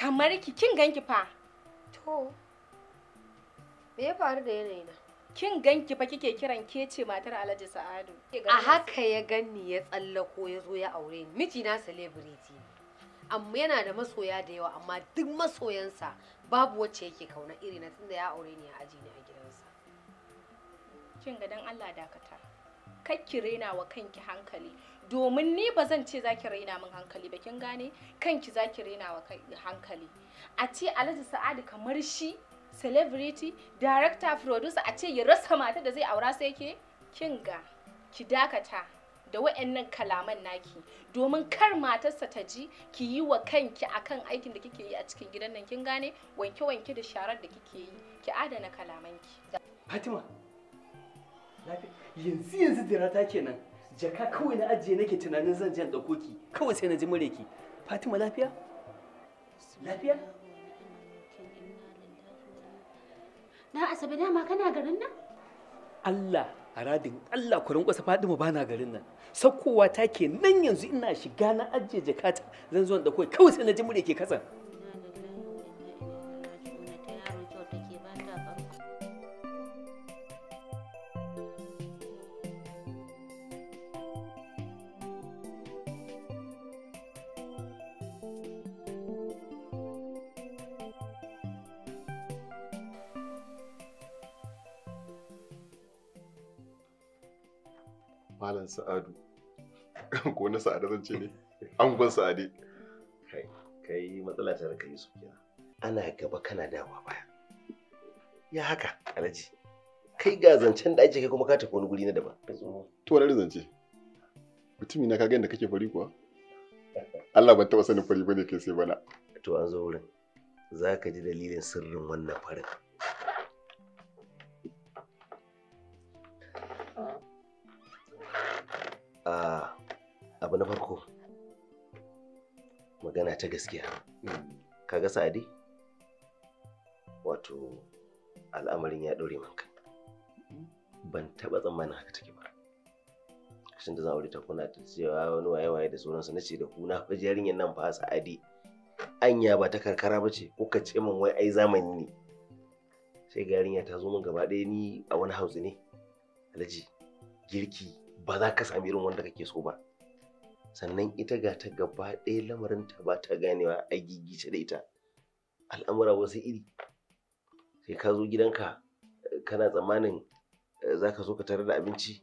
kamar ki kin ganki fa to me ya faru da yanayi na kin ganki fa kike kiran ke ce matar Alhaji Sa'adu a haka ya ganni ya tsallako ya zo ya aure ni miji na celebrity amma yana da masoya da yawa amma duk masoyansa babu wacce yake kauna iri na tunda ya aure ni ya aji ni a gidansa kin ga dan Allah dakata kakki rena wa kanki hankali domin ni ba zan ce zaki raina min hankali ba kin gane kanki zaki raina wa hankali a ce Alhaji Sa'adu kamar shi celebrity director producer a ce ya rasa mata da zai aura sai ke kin ga ki dakata da wa'annan kalaman naki domin kar matarsa ta ji ki yi wa kanki akan aikin da kike yi a cikin gidan nan kin gane wanke wanke da sharar da kike yi ki adana kalamanki Fatima yanzu yanzu ta kenan jaka kawai na ajiye nake tunanin zan jan ɗauko ki kawai sai na ji mure ki fatima lafiya lafiya na asabe dama kana garin nan allah a radin allah ku rinkwasa fatima ba na garin nan sakkowa ta ke nan yanzu ina shiga na ajiye jakata zan zo da kawai kawai sai na ji mure ke katsan sa'adu ko na sa'adu zan ce ne angon Sa'adu. kai kai matsala ta ka yusuf kenan ana gaba kana dawa baya ya haka alaji kai ga zancen da ake kai kuma ka tafi wani guri na daban to wani zance mutumi na kaga inda kake fari kuwa Allah ban taba sanin fari bane ke sai bana to an zo wurin zaka ji dalilin sirrin wannan farin abu na farko magana ta gaskiya kaga sa'adi wato al'amarin ya ɗore manka ban taɓa tsammanin haka take ba Shin da zan aure ta kuna ta cewa wani waye waye da sunansa na ce da ku na fa yarinyar nan fa sa'adi anya ba ta karkara ba ce kuka ce min wai ai zamani ne sai ga yarinya ta zo min gaba ɗaya ni a wani hausa ne alhaji girki ba za ka sami irin wanda kake so ba sannan ita ga ta gaba ɗaya lamarin ta ba ta ganewa a gigice da ita al'amura wasu iri sai ka zo gidanka kana tsammanin eh, za ka zo ka tarar da abinci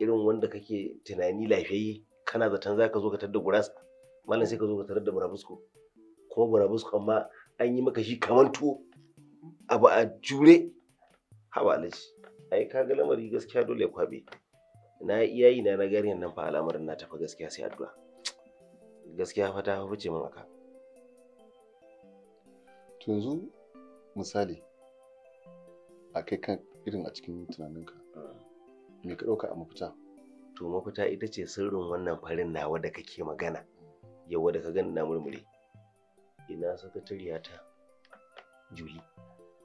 irin wanda kake tunani lafiyayye kana zaton za ka zo ka tarar da gurasa malam sai ka zo ka tarar da burabusko kuma burabusko amma an yi maka shi kamar tuwo abu a jure haba alaji ai kaga lamari gaskiya dole ya kwabe na iya yi na na garin nan fa al'amarin na tafi gaskiya sai addu'a gaskiya fa ta fice min aka to yanzu misali a kai kan irin a cikin tunaninka me ka ɗauka a mafita to mafita ita ce sirrin wannan farin nawa da kake magana yawa da ka gani na murmure ina sakatariya ta juli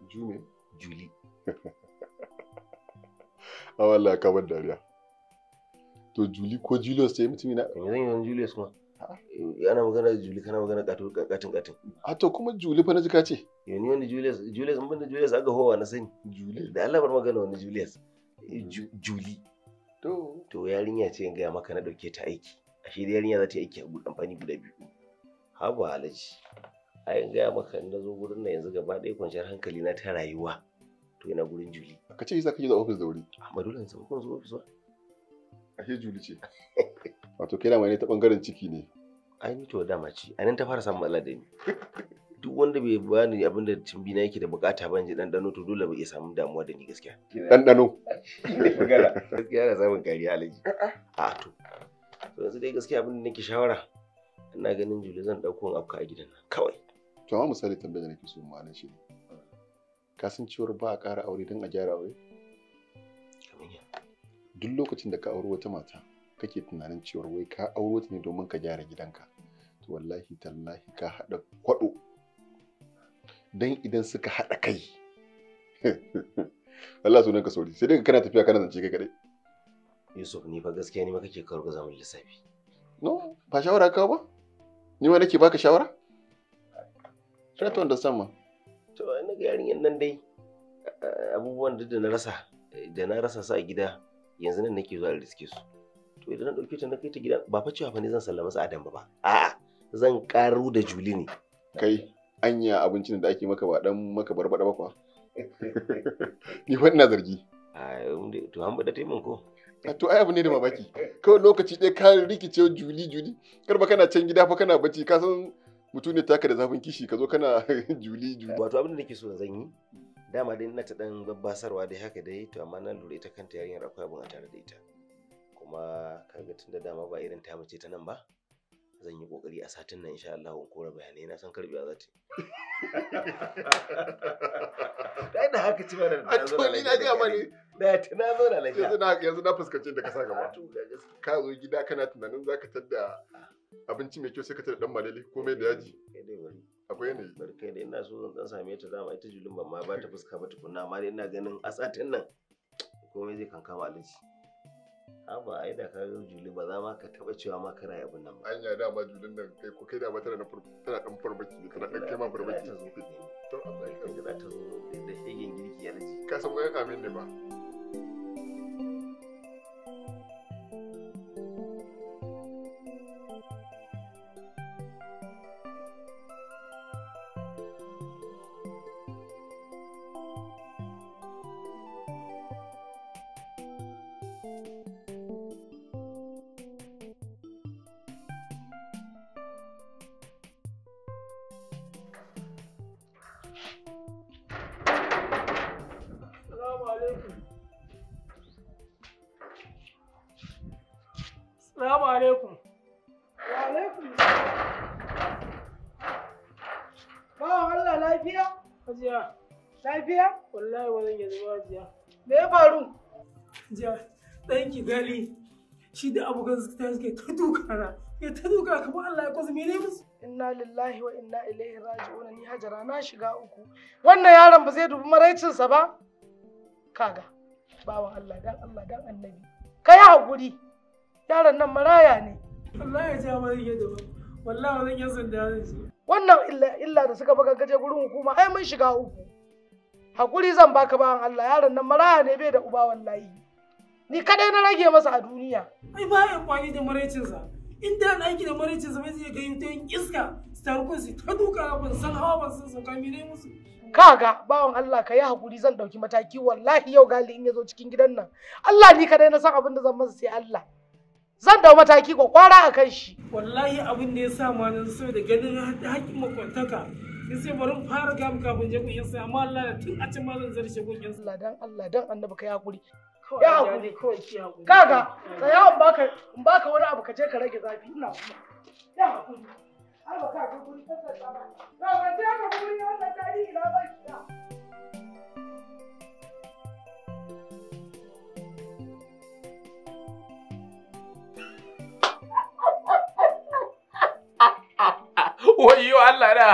juli juli a wallah kamar dariya to juli ko julius ta yi mutumi na eh, zan yi julius ma ana magana juli kana magana katin katin a to kuma juli fa na jika ce ya eh, wani julius julius mun da julius aga howa na sani juli da allah bar magana wani julius eh, juli to to yarinya ce ga gaya maka na dauke ta aiki ashe da yarinya za ta yi aiki a amfani guda biyu haba alaji a yin gaya maka na zo gurin na yanzu gaba ɗaya kwanciyar hankali na ta rayuwa to ina gurin juli ka ce yi za ka yi da ofis da wuri amma dole yanzu samu kun zo ofis ba ashe juli ce wato kai dama ne ta bangaren ciki ne ai ni to dama ce a nan ta fara samun matsala da ni duk wanda bai bani abin da cimbi na yake da bukata ban ji dandano to dole bai samu damuwa da ni gaskiya dandano gaskiya na samun kariya alaji a to to yanzu dai gaskiya abin da nake shawara ina ganin juli zan dauko afka a gidan nan kawai to amma misali tambayar da nake so ma'ana shi ne kasancewar ba a ƙara aure don a gyara aure duk lokacin da ka auri wata mata kake tunanin cewar wai ka auro ta ne domin ka gyara gidanka to wallahi tallahi ka haɗa kwaɗo dan idan suka haɗa kai Allah sunan ka sauri sai dai kana tafiya kana zance kai kadai Yusuf ni fa gaskiya ni ma kake karo ga zamu lissafi no ba shawara ka ba ni ma nake baka shawara try to understand ma to ina ga yarinyan nan dai abubuwan da na rasa da na rasa sa a gida yanzu nan nake zuwa da riske su to idan na ɗauke ta na kai ta gida ba fa cewa fa ne zan sallama su Adam ba a'a zan karu da Juli ne kai anya abincin da ake maka ba dan maka barbada ba kwa ni fa ina zargi a um, to an bada taimakon ko a to ai abu ne da mamaki kawai lokaci ɗaya ka rikice juli juli kar ba kana can gida fa kana bacci ka san mutum ne taka da zafin kishi ka zo kana juli juli wato abin da nake so zan yi dama dai ina ta dan babbasarwa dai haka dai to amma na lura ita kanta yarinyar akwai abin a tare da ita kuma kaga tunda dama ba irin ta mace ta nan ba zan yi kokari a satin nan insha Allah in kora bayanai na san karbewa za ta dai da haka ci mana da zo na ga mani da ta na zo na lafiya yanzu na yanzu na fuskace da ka sa gaba ah, ka zo gida kana tunanin zaka tadda ah. abinci mai kyau sai ka tada dan malele komai da yaji eh, eh dai bari akwai yanayi bari da ina so zan dan same ta dama ita julin ban ma ba ta fuska ba tukunna amma dai ina ganin asatin nan komai zai kankama alaji haba ai da ka zo juli ba za ma ka taba cewa ma kana yi abin nan ba anya da ma julin nan kai ko kai da ma tana na tana dan farbaki tana dan kai ma farbaki ta zo to Allah ya karbi ta zo da shegen girki alaji ka san wai amin ne ba alaikum. Wa alaikum. Ba Allah lafiya? Hajiya. Lafiya? Wallahi wannan ya zuwa hajiya. Me ya faru? Hajiya, ɗanki gali. Shi da abu ga tashi suke ta dukana. Ya ta duka kamar Allah ya kwazo mene musu. Inna lillahi wa inna ilaihi raji'un ni hajara na shiga uku. Wannan yaron ba zai dubi maraicinsa ba? Kaga. Bawan Allah dan Allah dan Annabi. Kai haƙuri. yaron nan maraya ne wallahi ya ba zan iya ba wallahi zan iya sanda wannan illa da suka baka gaje gurin hukuma ai mun shiga uku hakuri zan baka bayan Allah yaron nan maraya ne bai da uba wallahi ni kadai na rage masa a duniya ai ba ya kwani da maraicinsa in da na aiki da maraicinsa bai zai ga ta iska su tarukun su ta duka ban san hawa ban san sauka dai musu kaga bawan Allah ka yi hakuri zan dauki mataki wallahi yau gali in ya zo cikin gidan nan Allah ni kadai na san abin da zan masa sai Allah zan dau mataki ko kwara a kan shi wallahi abin da ya sa ma nan so da ganin haƙƙin makwantaka ya sai bari fara gamu kafin je kun yansa amma Allah tun a can ma zan shi kun yansa Allah dan Allah dan annabi kai hakuri ya hakuri kaga tsaya in baka in baka wani abu ka je ka rage zafi ina kuma. ya hakuri har ba ka ga kun tsaka ba ga ga ta ga kun yi wannan tarihi na ba. da wayo Allah da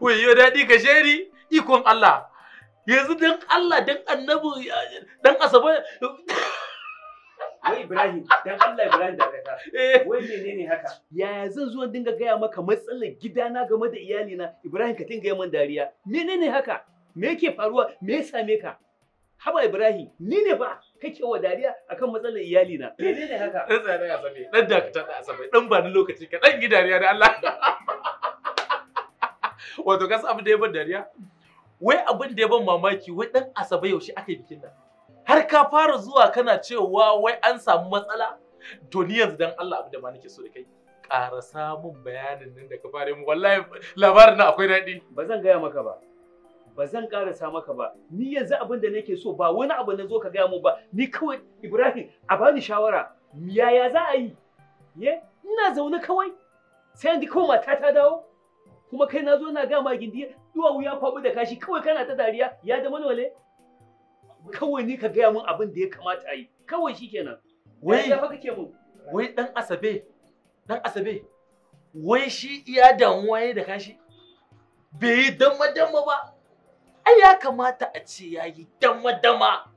wayo daɗi ka sheri ikon Allah yanzu dan Allah dan annabi dan asaba wai Ibrahim dan Allah Ibrahim da kaka eh. wai menene haka yaya zan zo dinga gaya maka matsalar gidana game da iyalina Ibrahim ka dinga yaman dariya menene haka me yake faruwa me ya same ka haba Ibrahim ni ne ba kake wa dariya akan matsalar iyali na ne ne haka dan tsaya ba ne, dan dakata da asabe dan ba ni lokaci ka dan yi dariya da Allah wato ka abin da ya ban dariya wai abin da ya ban mamaki wai dan asabe yaushe aka yi bikin nan har ka fara zuwa kana cewa wai an samu matsala to ni yanzu dan Allah abin da ma nake so da kai ƙara samun bayanin nan da ka fara mu wallahi labarin nan akwai daɗi ba zan gaya maka ba ba zan karasa maka ba ni yanzu abin da nake so ba wani abu na zo ka gaya mu ba ni kawai Ibrahim a bani shawara yaya za a yi ye ina zaune kawai sai yanzu kawai mata ta dawo kuma kai na zo na ga ma gindi duwawu wuya kwabu da kashi kawai kana ta dariya ya da manwale kawai ni ka gaya mun abin da ya kamata a yi kawai shikenan wai ya fa kake mun wai dan asabe dan asabe wai shi iya damuwa ne da kashi bai yi damma damma ba ai ya kamata a ce ya yi dama-dama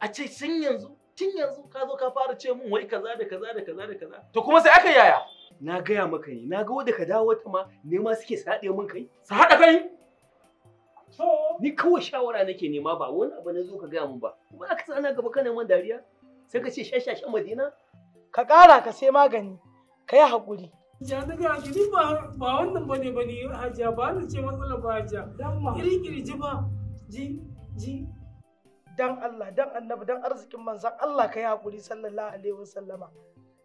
a ce sun yanzu tun yanzu ka zo ka fara ce mun wai kaza da kaza da kaza da kaza to kuma sai aka yaya na gaya maka ne na ga wanda ka dawo ta ma nema suke saɗe mun kai su haɗa kai ni kawai shawara nake nema ba wani abu na zo ka gaya min ba kuma aka sa ana gaba kana man dariya sai ka ce shashashan madina ka ƙara ka sai magani ka yi haƙuri Ja na ga ki ba wannan bane bane hajiya ba ni ce matsala ba hajiya. Dan ma. Iri kirji ba. Ji ji dan Allah dan annabi dan arzikin manzan Allah ka yi haƙuri sallallahu alaihi wasallama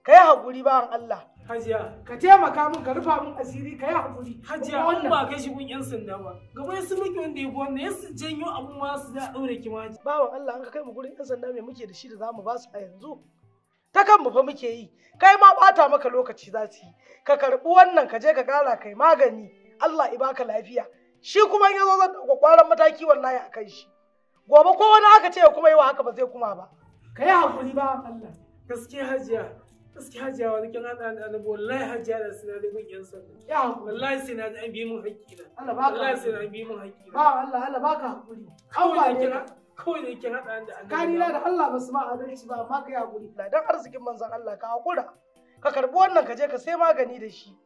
ka yi haƙuri bawan Allah hajiya ka taimaka min ka rufa min asiri ka yi haƙuri hajiya an ba kai shi kun yan sanda ba gaba su miki wanda ya wanda ya su janyo abun ma su da daure ki ma bawan Allah an ka kai mu gurin yan sanda me muke da shi da zamu ba su a yanzu ta kan mu fa muke yi kai ma bata maka lokaci za su yi ka karbi wannan ka je ka kara kai magani Allah i baka lafiya shi kuma in yazo zan dauka kwaran mataki wallahi a shi gobe ko wani aka ce kuma yi wa haka ba zai kuma ba kai hakuri ba Allah gaskiya hajiya gaskiya hajiya wani kin hada da annabi wallahi hajiya da sina da gun sa sallah ya hakuri wallahi sina da an bi mun haƙƙi Allah baka wallahi sina an bi mun haƙƙi ba Allah Allah baka hakuri kawai kira. kawai da yake haɗa da karina da Allah ba su ma adalci ba amma kai hakuri Ina dan arzikin manzon Allah ka hakura ka karbi wannan ka je ka sai magani da shi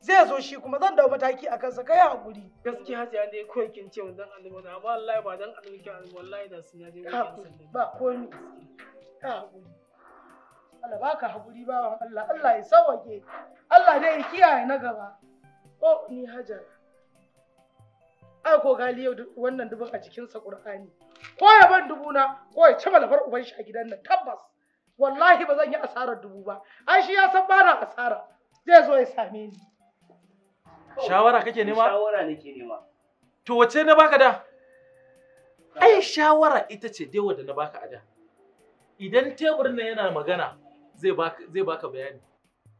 zai zo shi kuma zan dau mataki a kansa kai hakuri gaskiya hajiya dai kawai kin ce dan annabi na amma wallahi ba dan annabi kin wallahi da sun yaje ba komi ka hakuri Allah baka hakuri ba Allah Allah ya sauke Allah dai ya kiyaye na gaba oh ni hajar ai ko gali yau wannan dubin a jikinsa qur'ani ko ya ban dubu na ko ya ci malabar uban shi a gidan nan tabbas wallahi ba zan yi asarar dubu ba ai shi ya san ba na asara zai zo ya same ni shawara kake nema shawara nake nema to wace na baka da ai shawara ita ce dai wanda na baka a da idan teburin nan yana magana zai baka zai baka bayani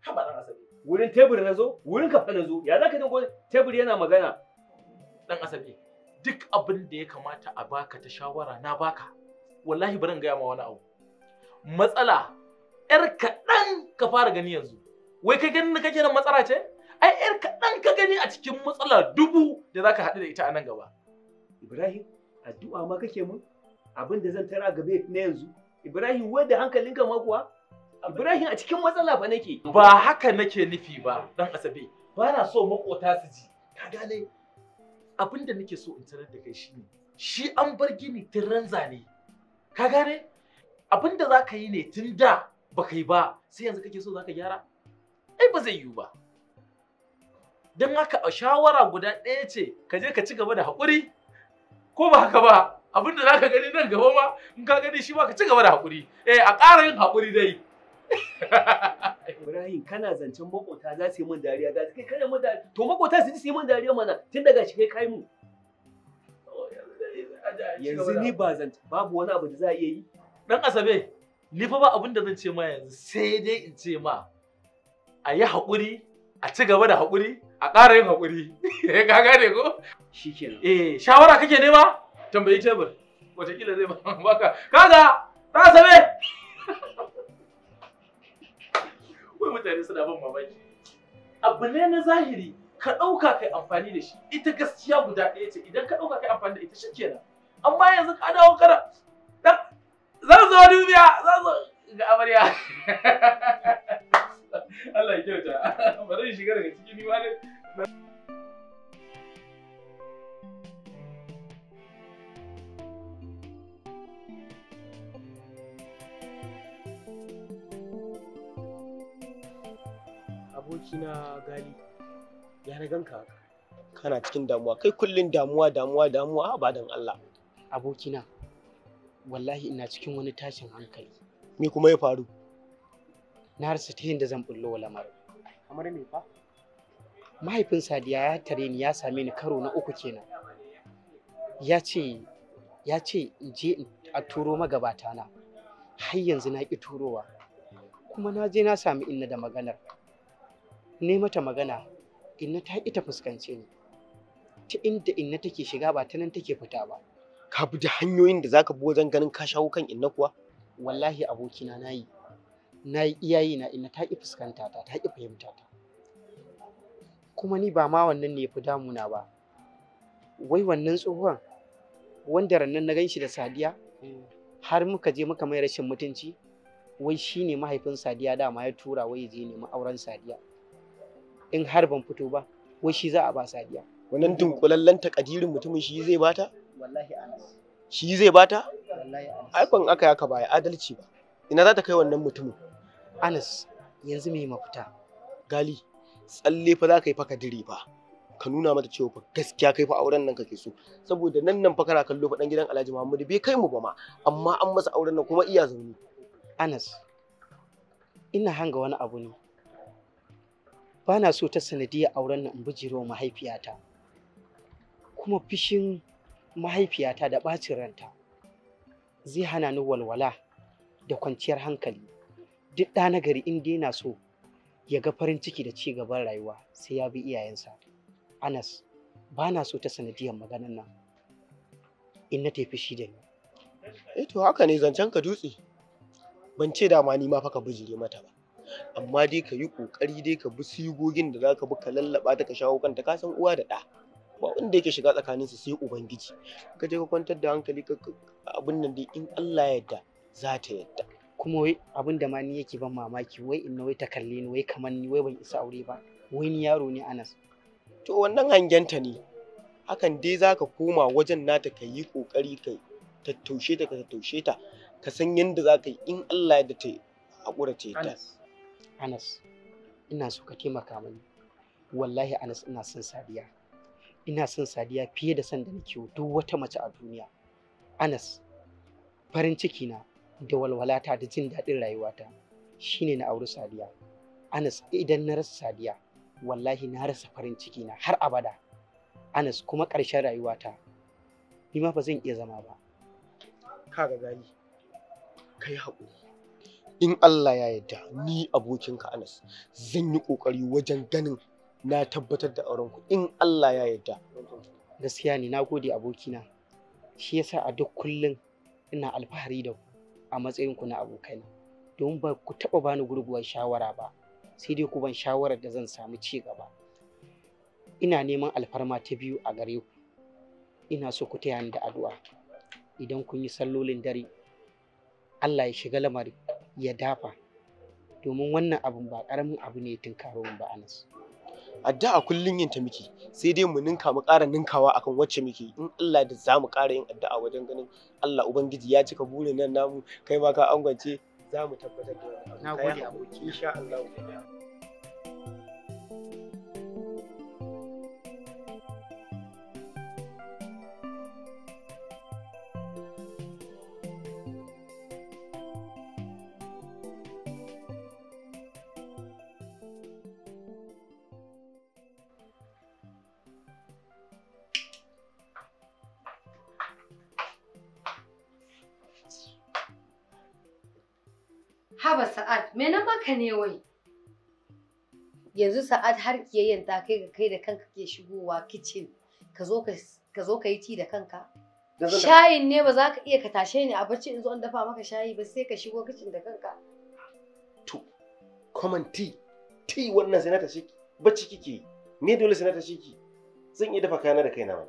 haba dan asabi wurin teburin na zo wurin kafa na zo ya zaka dingo teburin yana magana dan asabi duk abin da ya kamata a baka ta shawara na baka wallahi bari in gaya ma wani abu matsala yar kaɗan ka fara gani yanzu wai kai ganin da kake nan matsala ce ai yar kaɗan ka gani a cikin matsala dubu da zaka haɗu da ita a nan gaba ibrahim addu'a ma kake mun abin da zan tara gabe na yanzu ibrahim wai da hankalinka ma kuwa ibrahim a cikin matsala fa nake ba haka nake nufi ba dan asabe ba na so makota su ji ka gane abin da nake so in sanar da kai shi ne, shi an bar gini tun ranza ne ka gane abin da za ka yi ne tun da ba yi ba sai yanzu kake so za ka gyara ai ba zai yiwu ba don haka a shawara guda ɗaya ce ka je ka ci gaba da haƙuri ko ba haka ba abin da za ka gani nan gaba ba? in ka gani shi ba ka ci gaba da haƙuri eh a ƙara yin haƙuri dai Ibrahim kana zancen makota za su yi min dariya za kai kada mun dariya to makota su ji su yi min dariya mana tun daga shi kai kai mu yanzu ni ba zan babu wani abu da za a iya yi dan asabe ni fa ba abin da zan ce ma yanzu sai dai in ce ma a yi haƙuri a ci gaba da haƙuri a ƙara yin haƙuri ka gane ko shikenan eh shawara kake nema tambayi tebur wataƙila zai baka kaga ta asabe Kawai mutane suna ban mamaki. Abu ne na zahiri ka ɗauka kai amfani da shi ita gaskiya guda ɗaya ce idan ka ɗauka kai amfani da ita shi kenan. Amma yanzu ka dawo za zan zo dubiya zan zo ga amarya. Allah ya kyauta bari shiga daga cikin ni ma na gali ya na ganka haka kana cikin damuwa kai kullun damuwa damuwa damuwa a badan Allah abokina wallahi ina cikin wani tashin hankali me kuma ya faru na rasa ta yadda zan bullo wa kamar me fa mahaifin sadiya ya tare ni ya same ni karo na uku kenan ya ce ya ce in je a turo magabata na har yanzu na ki turowa kuma na je na sami inna da maganar ne mata magana inna ta ita fuskance ni ta inda inna take shiga ba ta nan take fita ba ka bi da hanyoyin da zaka bi wajen ganin ka shawo kan inna kuwa wallahi abokina nayi nayi iyayi na inna ta ki fuskanta ta ta ki fahimta ta kuma ni ba ma wannan ne fi damuna ba wai wannan tsohon wanda rannan na ganshi da sadiya har muka je muka mai rashin mutunci wai shine mahaifin sadiya dama ya tura wai ya je nemi auren sadiya in har ban fito ba wai shi za a ba sadiya wannan dunkulallen takadirin mutumin shi zai bata wallahi anas shi zai bata wallahi anas aka yaka ba adalci ba ina za ta kai wannan mutumin anas yanzu me mafita gali tsalle fa za ka yi fa kadiri ba ka nuna mata cewa fa gaskiya kai fa auren nan kake so saboda nan nan fa kana kallo fa dan gidan Alhaji Muhammadu bai kai mu ba ma amma an masa auren nan kuma iya zaune Anas ina hanga wani abu ne ba na so ta sanadiyar auren nan in bijirewa mahaifiyata kuma fishin mahaifiyata da ɓacin ranta zai hana ni walwala da kwanciyar hankali duk ɗa na gari inda yana so ya ga farin ciki da ci gaban rayuwa sai ya bi iyayensa anas ba na so ta sanadiyar maganan nan in na tafi shi da ni eh to haka ne zancen ka dutse ban ce dama ni ma fa ka bijire mata ba amma dai ka yi ƙoƙari dai ka bi sigogin da zaka ka bi ka lallaɓa ta ka shawo kanta ka san uwa da ɗa ba wanda yake shiga tsakaninsu sai ubangiji ka je ka kwantar da hankali ka abin nan dai in Allah ya yarda za ta yarda kuma wai abin da ma ni yake ban mamaki wai inna wai ta ni wai kamar ni wai ban isa aure ba wai ni yaro ne Anas to wannan ta ne hakan dai zaka koma wajen nata ka yi ƙoƙari ka tattaushe ta ka tattaushe ta ka san yadda za ka yi in Allah ya da ta haƙura ta yarda Anas ina so ka taimaka mani wallahi Anas ina son Sadiya ina son Sadiya fiye da son da nake duk wata mace a duniya Anas farin ciki na da walwalata da jin daɗin rayuwata shine na auri Sadiya Anas idan na rasa Sadiya wallahi na rasa farin ciki na har abada Anas kuma ƙarshen rayuwata ni ma ba zan iya zama ba kaga gani kai haƙuri in Allah ya yarda ni abokinka Anas zan yi kokari wajen ganin na tabbatar da auren ku in Allah ya yarda gaskiya ne na gode abokina shi yasa a duk kullum ina alfahari da ku a matsayin ku na abokai. don ba ku taba bani gurguwar shawara ba sai dai ku ban shawarar da zan samu ci gaba ina neman alfarma ta biyu a gare ku ina so ku taya ni da addu'a idan kun yi sallolin dare Allah ya shiga lamari ya dafa domin wannan abun ba karamin abu ne tunkaro ba anas addu'a kullun yin ta miki sai dai mu ninka mu ƙara ninkawa akan wacce muke in Allah da za mu ƙara yin addu'a wajen ganin Allah ubangiji ya cika burin nan namu kai ma ka angwance za mu tabbatar da wannan nagode insha Allah Haba Sa'ad, menen maka ne wai? Yanzu Sa'ad har kiyayyen ta kai ga kai da kanka ke shigowa kicin ka zo ka yi ci da kanka. Shayin ne ba za ka iya ka tashe ni a bacci in zo an dafa maka shayi ba sai ka shigo kicin da kanka. To, common tea, tea wannan sai na tashi ki, bacci kike ne dole sai na tashi ki, zan iya dafa kayana da kaina ba.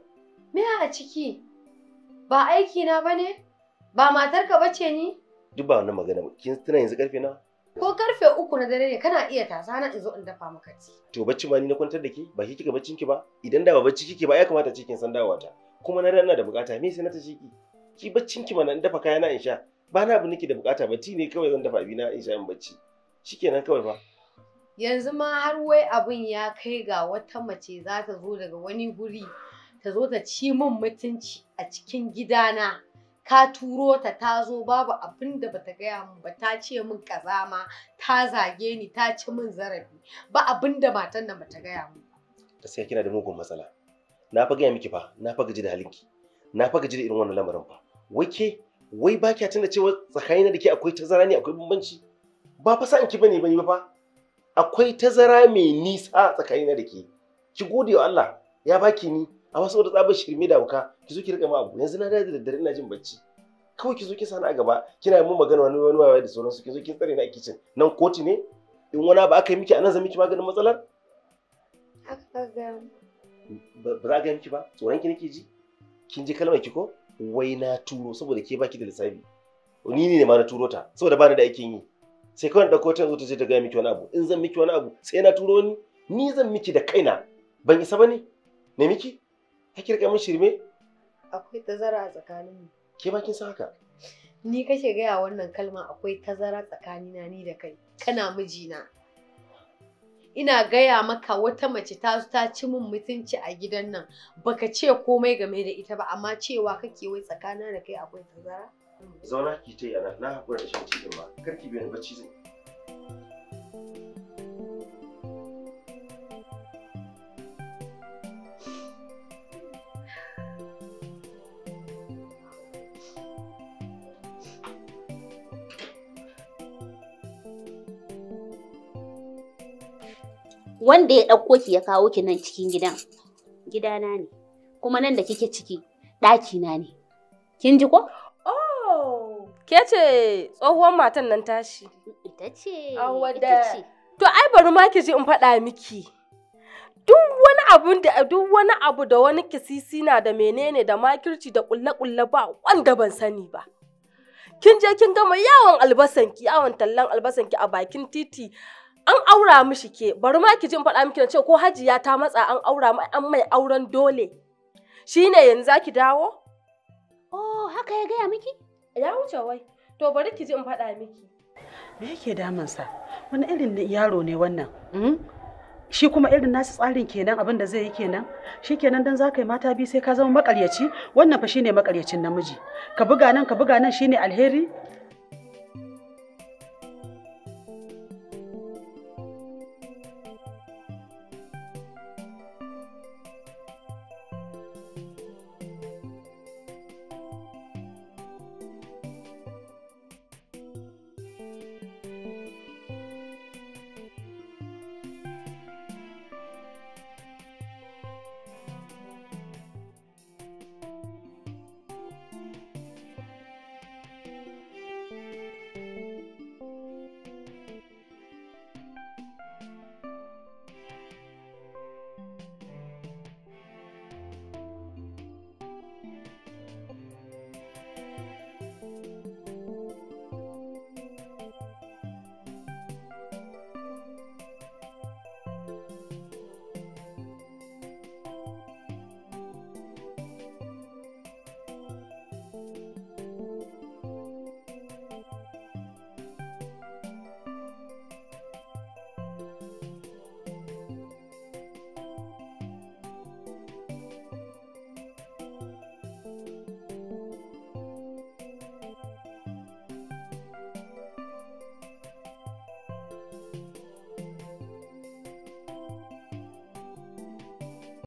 Me a ciki? Ba aiki na ba ne? Ba matarka bace ni? duk ba wannan magana ba kin tuna yanzu karfe na ko karfe uku na dare ne kana iya tasa na in zo in dafa maka ci to bacci ma ni na kwantar da ke ba ki kika baccin ki ba idan da ba bacci kike ba ya kamata cikin san dawowa ta kuma na ina da bukata me sai na ta ciki ki baccin ki mana in dafa kaya na in sha ba na abu nake da bukata ba ti ne kawai zan dafa abina in sha in bacci shikenan kawai ba? yanzu ma har wai abin ya kai ga wata mace za ta zo daga wani guri ta zo ta ci min mutunci a cikin gidana ka turo ta ta zo babu abin da bata gaya min ba ta ce min kaza ma ta zage ni ta ci min zarafi ba abin da matan nan bata gaya min sai kina da mugun matsala na fa gaya miki fa na fa gaji da halinki na fa gaji da irin wannan lamarin fa wai ke wai ba kya tunda cewa tsakanin da ke akwai tazara ne akwai bambanci ba fa sa'anki bane bane ba fa akwai tazara mai nisa tsakanin da ke ki gode wa Allah ya baki ni amma saboda tsabar shirme da wuka ki zo ki rika ma abu yanzu na dade da dare ina jin bacci kawai ki zo ki sani a gaba kina mun magana wani wani waye da sauransu ki zo ki tsare na a kitchen nan koti ne in wani ba aka yi miki anan zan miki maganin matsalar ba za a ga miki ba tsoron ki nake ji kin ji kalmar ki ko wai na turo saboda ke baki da lissafi ni ne ma na turo ta saboda bani da aikin yi sai kawai ɗauko ta zo ta ce ta gaya miki wani abu in zan miki wani abu sai na turo ni ni zan miki da kaina ban isa ba ne ne miki Kake rike min shirme? Akwai tazara a tsakaninmu. Ke ma kin san haka? Ni kake gaya wannan kalma akwai tazara tsakanina ni da kai. Kana mijina. Ina gaya maka wata mace ta ta ci min mutunci a gidan nan. Baka ce komai game da ita ba amma cewa kake wai tsakana da kai akwai tazara? Zauna ki ta yana na haƙura da shan cikin ba. Kar ki biyan bacci zai. wanda ya ɗauko ki ya kawo ki nan cikin gidan gidana ne kuma nan da kike ciki ɗaki na ne kin ji ko oh ke ce tsohuwar matan nan tashi ita ce ita ce to ai bari ma ki ji in faɗa miki duk wani abu da duk wani abu da wani kisisi na da menene da makirci da kulle-kulle ba wanda ban sani ba kin je kin gama yawon albasanki yawon tallan albasanki a bakin titi an aura mishi ke bari ma ki jin faɗa miki na ce ko hajiya ta matsa an aura mai an mai auren dole shine yanzu zaki dawo oh haka ya gaya miki ya wuce wai to bari ki in faɗa miki me yake sa wani irin yaro ne wannan hmm? shi kuma irin nasu tsarin kenan abin da zai yi kenan shi kenan dan zaka yi mata bi sai ka zama makaryaci wannan fa shine makaryacin namiji ka buga nan ka buga nan shine alheri